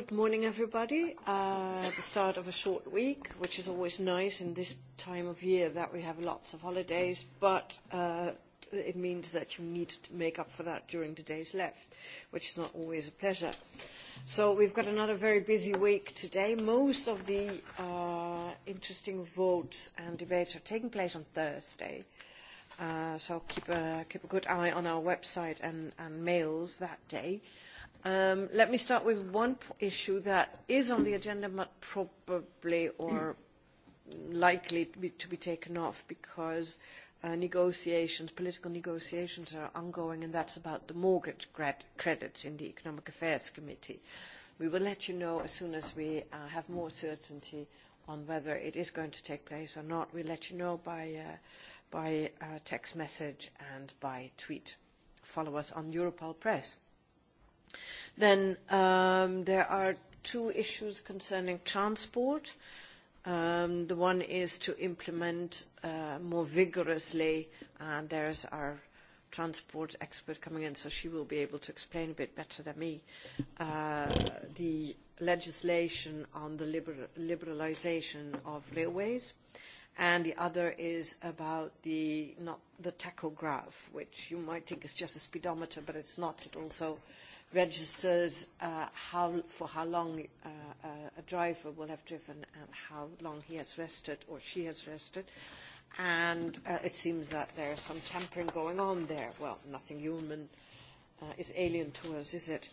Good morning, everybody. Uh, the start of a short week, which is always nice in this time of year that we have lots of holidays, but uh, it means that you need to make up for that during the days left, which is not always a pleasure. So we've got another very busy week today. Most of the uh, interesting votes and debates are taking place on Thursday. Uh, so keep a, keep a good eye on our website and, and mails that day. Uh, Um, let me start with one issue that is on the agenda, but probably or likely to be, to be taken off because uh, negotiations, political negotiations are ongoing, and that's about the mortgage grad credits in the Economic Affairs Committee. We will let you know as soon as we uh, have more certainty on whether it is going to take place or not. We'll let you know by, uh, by uh, text message and by tweet. Follow us on Europol Press. Then there are two issues concerning transport. the one is to implement more vigorously, and there's our transport expert coming in, so she will be able to explain a bit better than me, the legislation on the liberalisation of railways. And the other is about the, not the tachograph, which you might think is just a speedometer, but it's not. It also uh, registers uh, how, for how long uh, uh, a driver will have driven and how long he has rested or she has rested. And uh, it seems that there is some tampering going on there. Well, nothing human uh, is alien to us, is it?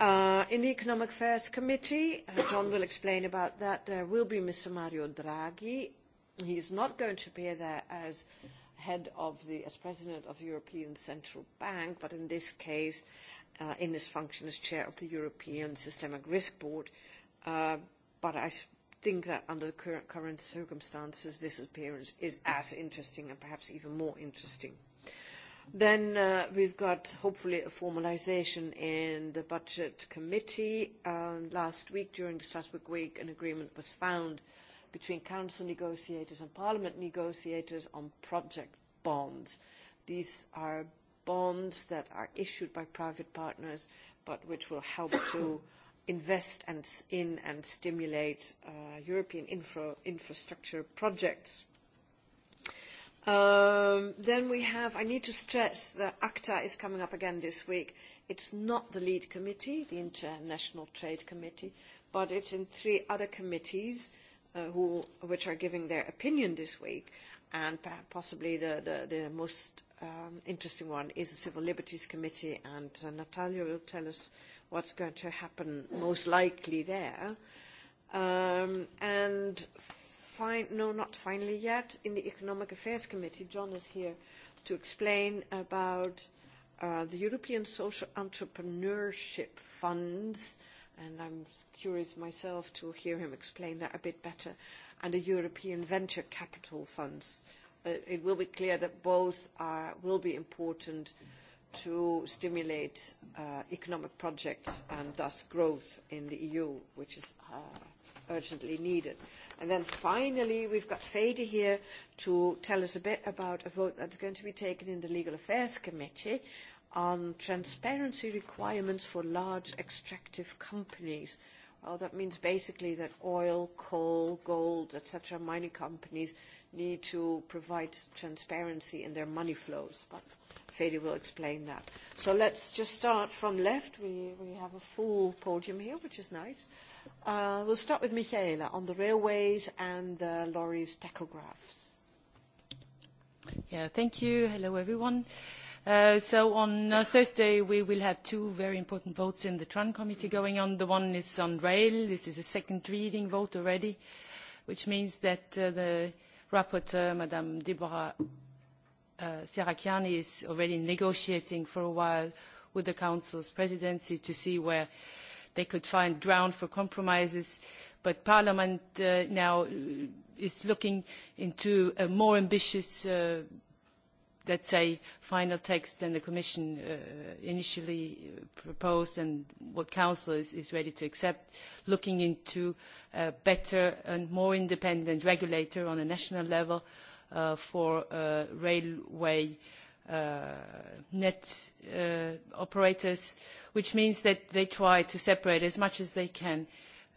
Uh, in the Economic Affairs Committee, uh, John will explain about that, there will be Mr. Mario Draghi. He is not going to appear there as head of the, as president of the European Central Bank, but in this case, uh, uh, in his function as chair of the European Systemic Risk Board, uh, but I think that under the current, current circumstances, this appearance is as interesting and perhaps even more interesting. Then uh, we've got hopefully a formalization in the budget committee. Um, last week during the Strasbourg week, an agreement was found between council negotiators and parliament negotiators on project bonds. These are bonds that are issued by private partners, but which will help to invest and in and stimulate uh, European infra infrastructure projects. Um, then we have, I need to stress that ACTA is coming up again this week. It's not the lead committee, the International Trade Committee, but it's in three other committees uh, who, which are giving their opinion this week and possibly the, the, the most um, interesting one is the Civil Liberties Committee, and uh, Natalia will tell us what's going to happen most likely there. Um, and fin- no, not finally yet, in the Economic Affairs Committee, John is here to explain about uh, the European Social Entrepreneurship Funds, and I'm curious myself to hear him explain that a bit better. Uh, and the European venture capital funds. it will be clear that both are, will be important to stimulate economic projects and thus growth in the EU, which is urgently needed. And then finally, we've got Fede here to tell us a bit about a vote that's going to be taken in the Legal Affairs Committee on transparency requirements for large extractive companies. Oh that means basically that oil, coal, gold, etc., mining companies need to provide transparency in their money flows. But Fede will explain that. So let's just start from left. We, we have a full podium here, which is nice. Uh, we'll start with Michaela on the railways and the lorries tachographs. Yeah, thank you. Hello, everyone. Uh, so on Thursday we will have two very important votes in the TRAN committee going on. The one is on rail. This is a second reading vote already, which means that the rapporteur, Madame Deborah Serracchiani, is already negotiating for a while with the Council's presidency to see where they could find ground for compromises. But Parliament now is looking into a more ambitious let's say, final text than the Commission initially proposed and what Council is, ready to accept, looking into a better and more independent regulator on a national level for railway net operators, which means that they try to separate as much as they can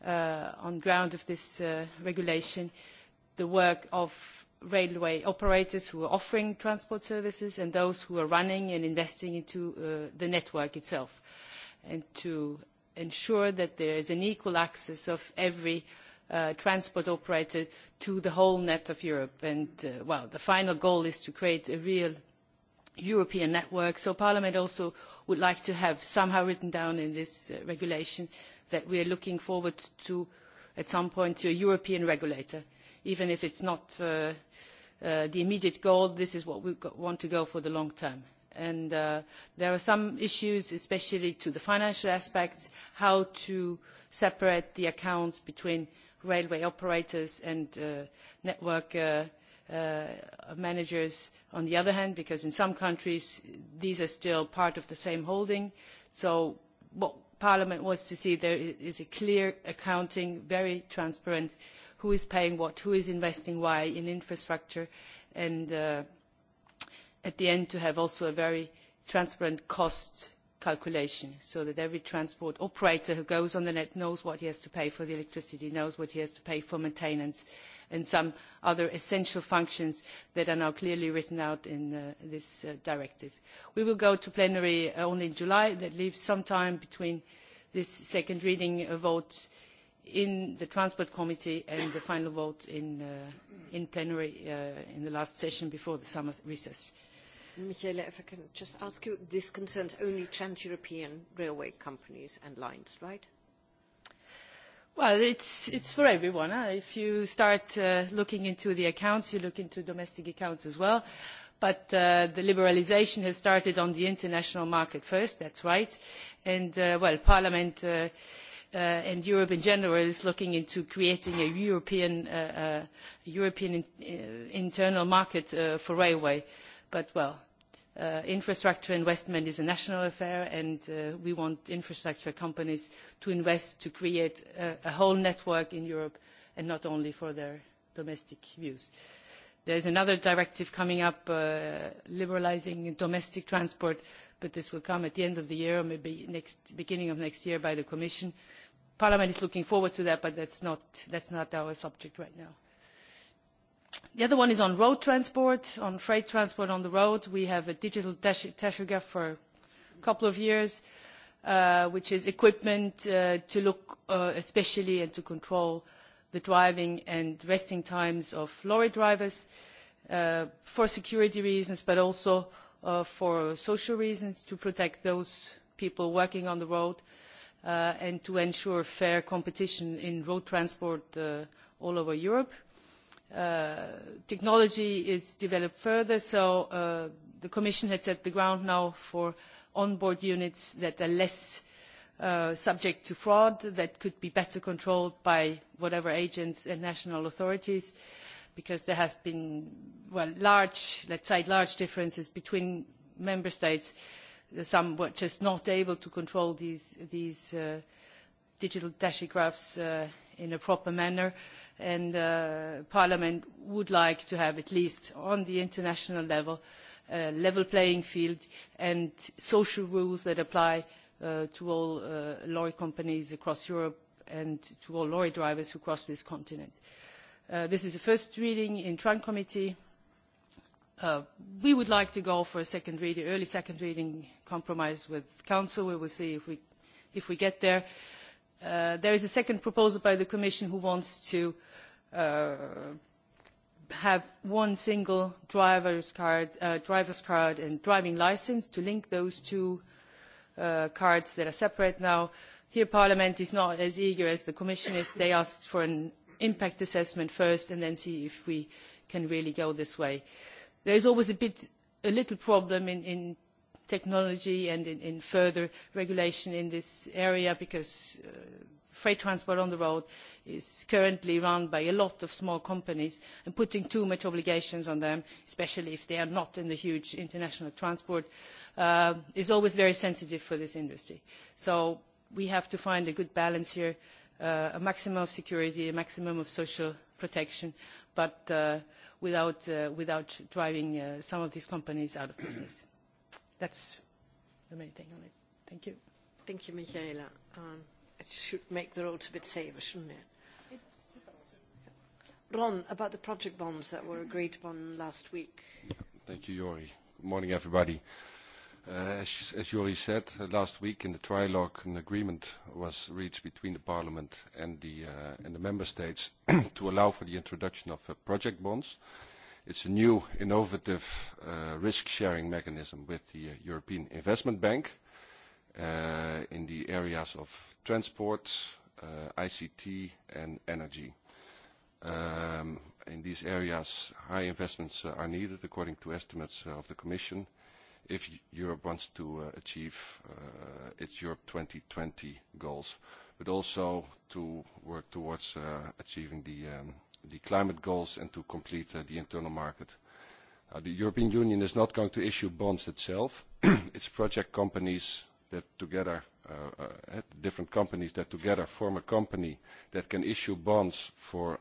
on ground of this regulation the work of railway operators who are offering transport services and those who are running and investing into the network itself, and to ensure that there is an equal access of every transport operator to the whole net of Europe. And, well, the final goal is to create a real European network. So Parliament also would like to have somehow written down in this regulation that we are looking forward to, at some point, to a European regulator even if it's not uh, the immediate goal, this is what we want to go for the long term. And uh, there are some issues, especially to the financial aspects, how to separate the accounts between railway operators and uh, network uh, managers on the other hand, because in some countries these are still part of the same holding. So what Parliament wants to see there is a clear accounting, very transparent who is paying what, who is investing why in infrastructure, and at the end to have also a very transparent cost calculation so that every transport operator who goes on the net knows what he has to pay for the electricity, knows what he has to pay for maintenance and some other essential functions that are now clearly written out in this directive. We will go to plenary only in July. That leaves some time between this second reading vote in the Transport Committee and the final vote in, in plenary in the last session before the summer recess. Michele, if I can just ask you, this concerns only trans-European railway companies and lines, right? Well, it's, it's for everyone. Huh? If you start uh, looking into the accounts, you look into domestic accounts as well. But uh, the liberalisation has started on the international market first, that's right. And, uh, well, Parliament... Uh, and Europe in general is looking into creating a European, internal market for railway. But well, infrastructure investment is a national affair and we want infrastructure companies to invest to create a, whole network in Europe and not only for their domestic use. There is another directive coming up liberalising domestic transport uh, but this will come at the end of the year or maybe next, beginning of next year by the Commission. Parliament is looking forward to that, but that's not, that's not our subject right now. The other one is on road transport, on freight transport on the road. We have a digital tachograph for a couple of years, which is equipment to look especially and to control the driving and resting times of lorry drivers for security reasons, but also for social reasons, to protect those people working on the road, and to ensure fair competition in road transport all over Europe. technology is developed further, so the Commission has set the ground now for onboard units that are less subject to fraud, that could be better controlled by whatever agents and national authorities because there have been well large let's say large differences between member states some were just not able to control these these uh, digital tachographs uh, in a proper manner and uh, parliament would like to have at least on the international level a level playing field and social rules that apply uh, to all uh, lorry companies across Europe and to all lorry drivers who cross this continent. Uh, this is the first reading in Tran Committee. we would like to go for a second reading, early second reading compromise with Council. We will see if we, if we get there. there is a second proposal by the Commission who wants to have one single driver's card, driver's card and driving licence to link those two cards that are separate now. Here Parliament is not as eager as the Commission is. They asked for an impact assessment first and then see if we can really go this way. There is always a bit, a little problem in, in technology and in, in further regulation in this area because freight transport on the road is currently run by a lot of small companies and putting too much obligations on them, especially if they are not in the huge international transport, is always very sensitive for this industry. So we have to find a good balance here a maximum of security, a maximum of social protection, but without driving some of these companies out of business. That's the main thing on it. Thank you. Thank you, Michaela. It should make the roads a bit safer, shouldn't it? It's supposed to. Ron, about the project bonds that were agreed upon last week. Thank you, Yori. Good morning, everybody. As Juri said, last week in the trilogue, an agreement was reached between the parliament and the member states to allow for the introduction of project bonds. It's a new innovative risk-sharing mechanism with the European Investment Bank in the areas of transport, ICT, and energy. In these areas, high investments are needed according to estimates of the Commission, if Europe wants to achieve its Europe 2020 goals, but also to work towards achieving the climate goals and to complete the internal market. The European Union is not going to issue bonds itself. It's project companies that together, different companies that together form a company that can issue bonds for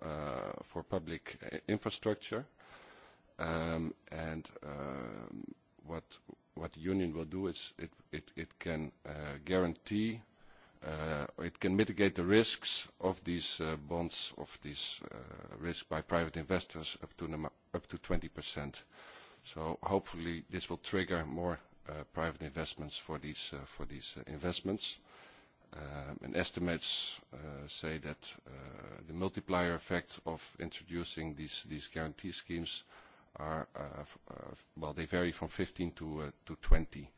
public infrastructure. And what what the union will do is it it it can uh, guarantee uh, it can mitigate the risks of these uh, bonds of these uh, risk by private investors up to up to 20 percent. So hopefully this will trigger more uh, private investments for these uh, for these uh, investments. Um, and estimates uh, say that uh, the multiplier effect of introducing these these guarantee schemes are, uh, uh, well, they vary from 15 to, uh, to 20.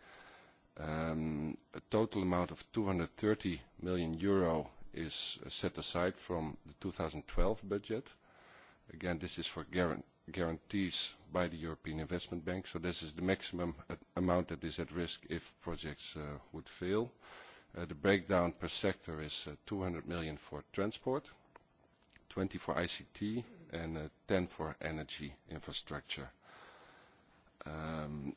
Um, a total amount of 230 million euro is set aside from the 2012 budget. Again, this is for guarantees by the European Investment Bank, so this is the maximum amount that is at risk if projects uh, would fail. Uh, the breakdown per sector is uh, 200 million for transport, 20 for ICT, and uh, 10 for energy infrastructure. Um,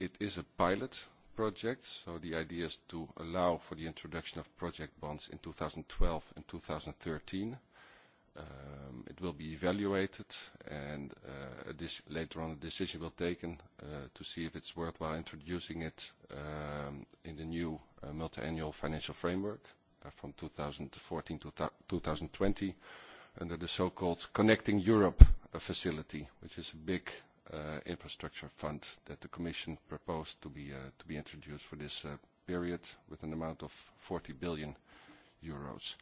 it is a pilot project, so the idea is to allow for the introduction of project bonds in 2012 and 2013. Um, it will be evaluated, and uh, this, later on a decision will be taken uh, to see if it's worthwhile introducing it um, in the new uh, multi-annual financial framework from 2014 to 2020 under the so-called Connecting Europe facility, which is a big infrastructure fund that the Commission proposed to be to be introduced for this period with an amount of 40 billion euros.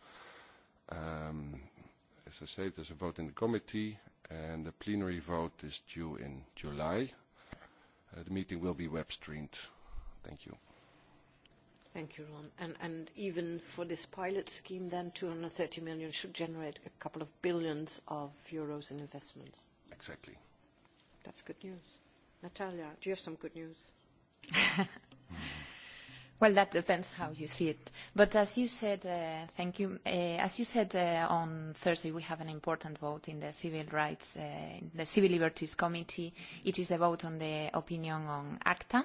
As I say, there's a vote in the committee, and the plenary vote is due in July. The meeting will be web streamed. Thank you. Thank you, Ron. And even for this pilot scheme, then 230 million should generate a couple of billions of euros in investment. Exactly. That's good news. Natalia, do you have some good news? Well, that depends how you see it. But as you said, uh, thank you. Uh, as you said uh, on Thursday, we have an important vote in the Civil Rights, uh, the Civil Liberties Committee. It is a vote on the opinion on ACTA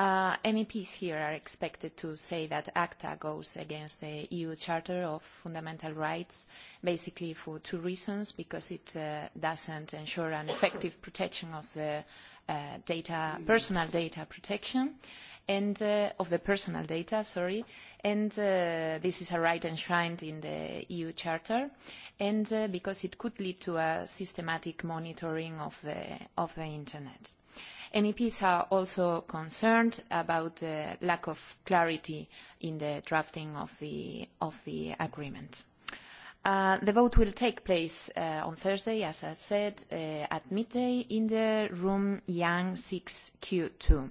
MEPs here are expected to say that ACTA goes against the EU Charter of Fundamental Rights, basically for two reasons, because it uh, doesn't ensure an effective protection of the data, personal data protection, and of the personal data, sorry, and this is a right enshrined in the EU Charter, and because it could lead to a systematic monitoring of the, of the Internet. Uh, MEPs are also concerned about the lack of clarity in the drafting of the, of the agreement. the vote will take place on Thursday, as I said, at midday in the room Yang 6Q2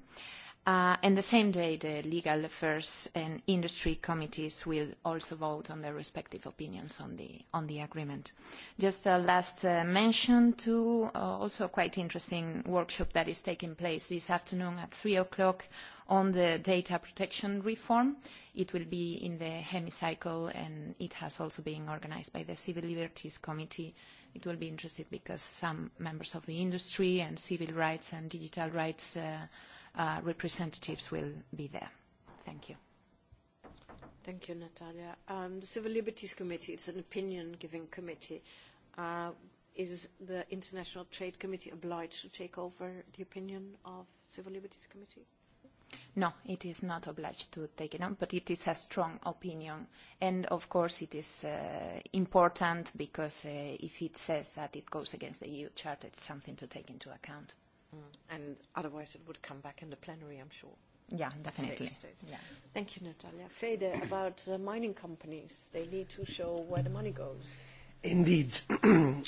and the same day, the Legal Affairs and Industry Committees will also vote on their respective opinions on the, on the agreement. Just a last uh mention to uh also a quite interesting workshop that is taking place this afternoon at three o'clock on the data protection reform. It will be in the hemicycle, and it has also been organised by the Civil Liberties Committee. It will be interesting because some members of the industry and civil rights and digital rights uh uh, representatives will be there. Thank you. Thank you, Natalia. Um, the Civil Liberties Committee, it's an opinion-giving committee. Uh, is the International Trade Committee obliged to take over the opinion of Civil Liberties Committee? No, it is not obliged to take it on, but it is a strong opinion. And of course it is uh, important because uh, if it says that it goes against the EU Charter, it's something to take into account. Mm. And otherwise it would come back in the plenary, I'm sure. Yeah, definitely. Yeah. Thank you, Natalia. Fede, about uh, mining companies, they need to show where the money goes. Indeed.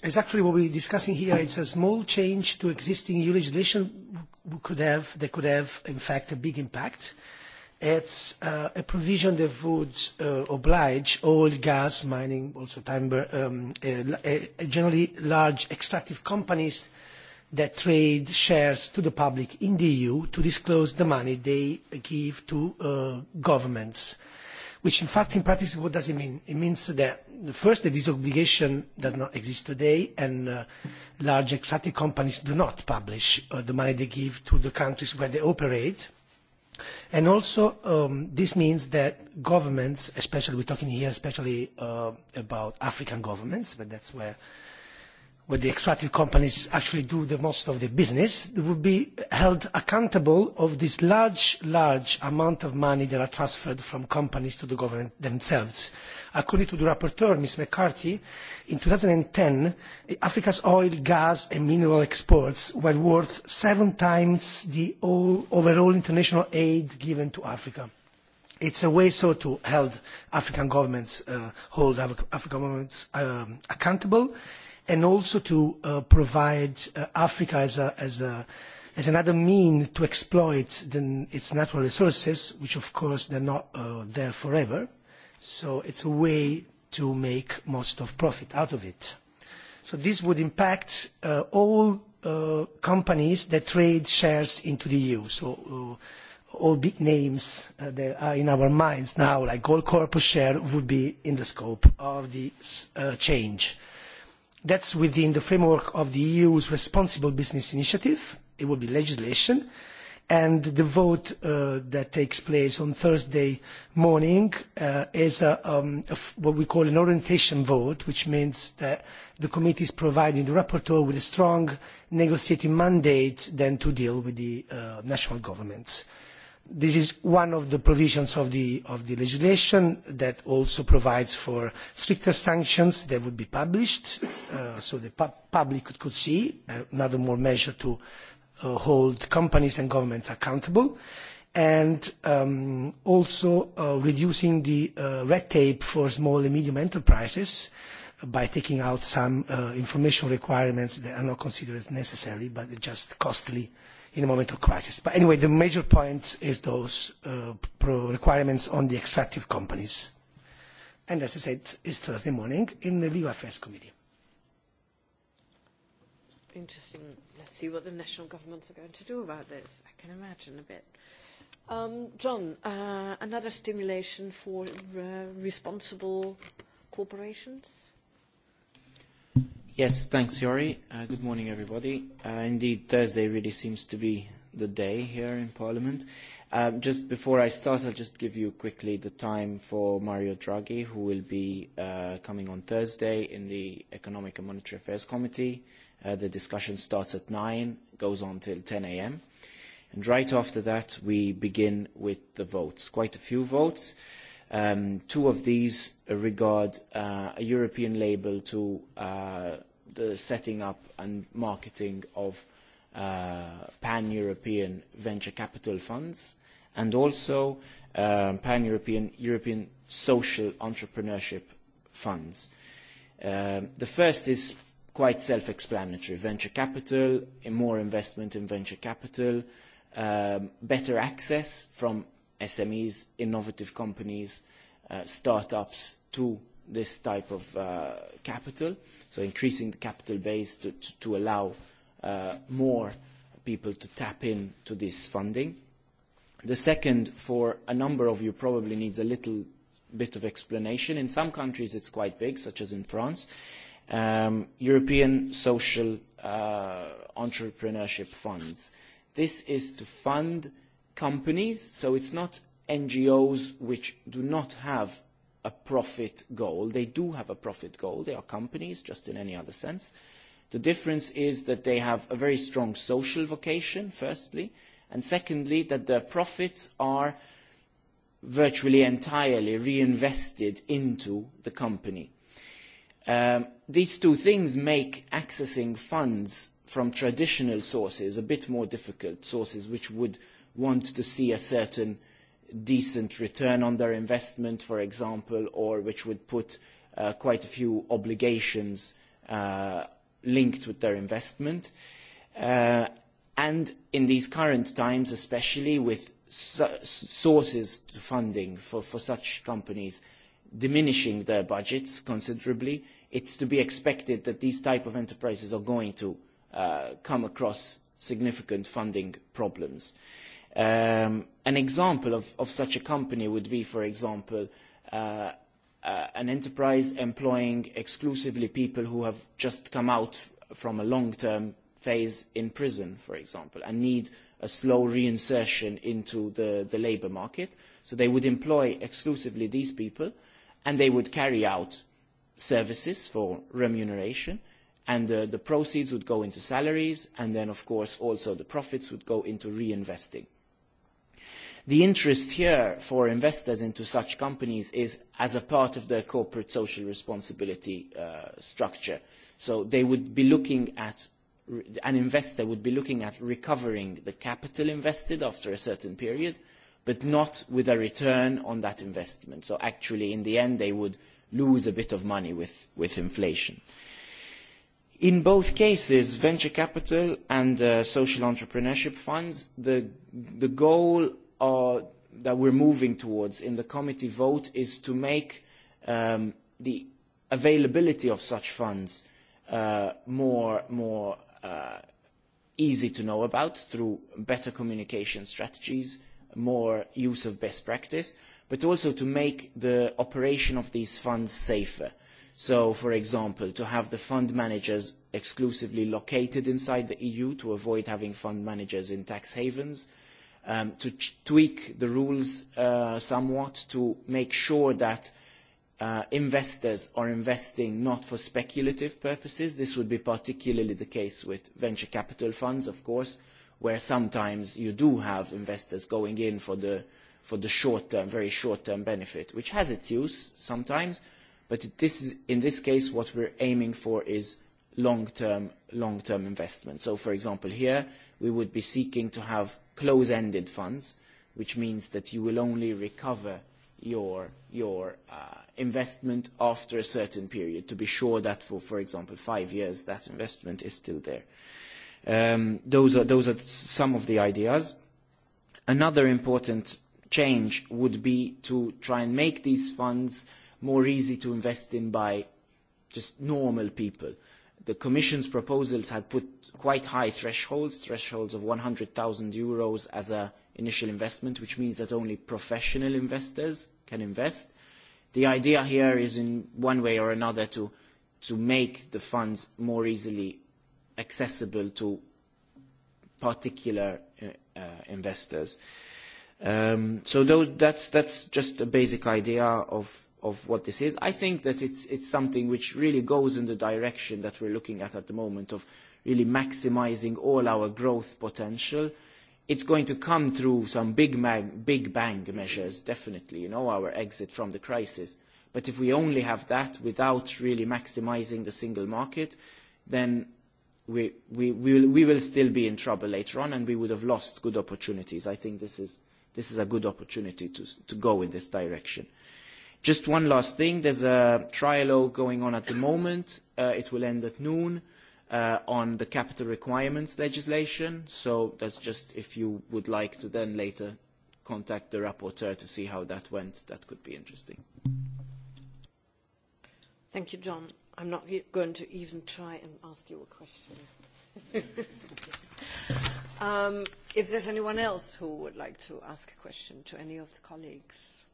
exactly what we're discussing here. It's a small change to existing EU legislation we could have, that could have, in fact, a big impact. It's uh, a provision that would uh, oblige oil, gas, mining, also timber, um, uh, uh, generally large extractive companies that trade shares to the public in the EU to disclose the money they give to governments. Which in fact, in practice, what does it mean? It means that first, that this obligation does not exist today, and large exotic companies do not publish the money they give to the countries where they operate. And also, this means that governments, especially we're talking here, especially about African governments, but that's where where the extractive companies actually do the most of the business, they would be held accountable of this large, large amount of money that are transferred from companies to the government themselves. According to the rapporteur, Ms McCarthy, in ten Africa's oil, gas and mineral exports were worth seven times the overall international aid given to Africa it's a way so to hold African governments, hold African governments accountable and also to uh, provide uh, Africa as, a, as, a, as another mean to exploit the, its natural resources, which of course they're not uh, there forever. So it's a way to make most of profit out of it. So this would impact uh, all uh, companies that trade shares into the EU. So uh, all big names uh, that are in our minds now, like Goldcorp share, would be in the scope of this uh, change. Uh, That is within the framework of the EU's Responsible Business Initiative. It will be legislation. And the vote that takes place on Thursday morning is what we call an orientation vote, which means that the committee is providing the rapporteur with a strong negotiating mandate then to deal with the national governments. This is one of the provisions of the, legislation that also provides for stricter sanctions that would be published so the public could see another more measure to hold companies and governments accountable and also reducing the red tape for small and medium enterprises by taking out some information requirements that are not considered necessary but just costly in a moment of crisis. But anyway, the major point is those requirements on the extractive companies. And as I said, it's Thursday morning in the Legal Affairs Committee. Interesting. Let's see what the national governments are going to do about this. I can imagine a bit. Um, John, uh, another stimulation for uh, responsible corporations? Yes, thanks, Yori. Uh, good morning, everybody. Uh, indeed, Thursday really seems to be the day here in Parliament. Um, just before I start, I'll just give you quickly the time for Mario Draghi, who will be uh, coming on Thursday in the Economic and Monetary Affairs Committee. Uh, the discussion starts at 9, goes on till 10 a.m. And right after that, we begin with the votes. Quite a few votes. Uh, two of these regard a European label to the setting up and marketing of pan-European venture capital funds and also pan-European European social entrepreneurship funds. the first is quite self-explanatory. Venture capital, more investment in venture capital, better access from SMEs, innovative companies, uh, startups to this type of uh, capital, so increasing the capital base to, to, to allow uh, more people to tap in to this funding. The second, for a number of you, probably needs a little bit of explanation. In some countries it's quite big, such as in France. Um, European Social uh, Entrepreneurship Funds. This is to fund companies, so it's not NGOs which do not have a profit goal. They do have a profit goal. They are companies, just in any other sense. The difference is that they have a very strong social vocation, firstly, and secondly, that their profits are virtually entirely reinvested into the company. these two things make accessing funds from traditional sources a bit more difficult, sources which would want to see a certain decent return on their investment, for example, or which would put quite a few obligations linked with their investment. and in these current times, especially with sources to funding for, for such companies diminishing their budgets considerably, it's to be expected that these type of enterprises are going to come across significant funding problems. Uh, an example of, such a company would be, for example, an enterprise employing exclusively people who have just come out from a long-term phase in prison, for example, and need a slow reinsertion into the, the labour market. So they would employ exclusively these people, and they would carry out services for remuneration, and the, the proceeds would go into salaries, and then, of course, also the profits would go into reinvesting. The interest here for investors into such companies is as a part of their corporate social responsibility structure. So they would be looking at, an investor would be looking at recovering the capital invested after a certain period, but not with a return on that investment. So actually, in the end, they would lose a bit of money with, with inflation. In both cases, venture capital and uh, social entrepreneurship funds, the, the goal are, that we're moving towards in the committee vote is to make um, the availability of such funds uh, more, more uh, easy to know about through better communication strategies, more use of best practice, but also to make the operation of these funds safer. So, for example, to have the fund managers exclusively located inside the EU to avoid having fund managers in tax havens, uh, to tweak the rules somewhat to make sure that investors are investing not for speculative purposes. This would be particularly the case with venture capital funds, of course, where sometimes you do have investors going in for the for the short-term, very short-term benefit, which has its use sometimes, but this, in this case, what we're aiming for is long-term long-term investment. So, for example, here we would be seeking to have close-ended funds, which means that you will only recover your, your uh, investment after a certain period to be sure that for, for example, five years that investment is still there. Um, those, are, those are some of the ideas. Another important change would be to try and make these funds more easy to invest in by just normal people the Commission's proposals had put quite high thresholds, thresholds of 100,000 euros as an initial investment, which means that only professional investors can invest. The idea here is in one way or another to, to make the funds more easily accessible to particular uh, investors. Um, so those, that's, that's just a basic idea of of what this is. I think that it's, it's something which really goes in the direction that we're looking at at the moment of really maximizing all our growth potential. It's going to come through some big, mag, big bang measures, definitely, you know, our exit from the crisis. But if we only have that without really maximizing the single market, then we, we, we, will, we will still be in trouble later on and we would have lost good opportunities. I think this is, this is a good opportunity to, to go in this direction. Just one last thing. There's a trialogue going on at the moment. Uh It will end at noon on the capital requirements legislation. So that's just if you would like to then later contact the rapporteur to see how that went, that could be interesting. Thank you, John. I'm not going to even try and ask you a question. um, if there's anyone else who would like to ask a question to any of the colleagues.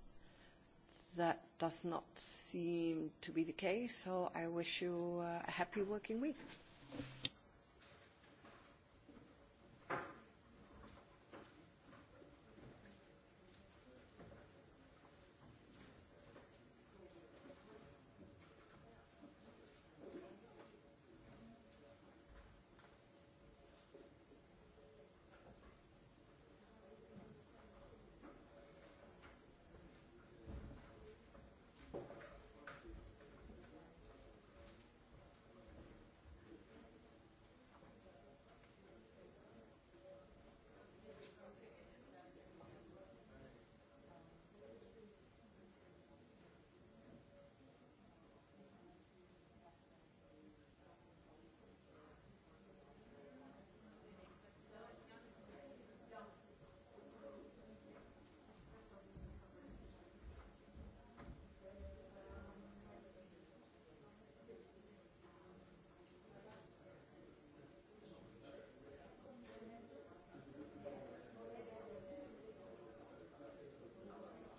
That does not seem to be the case, so I wish you a happy working week.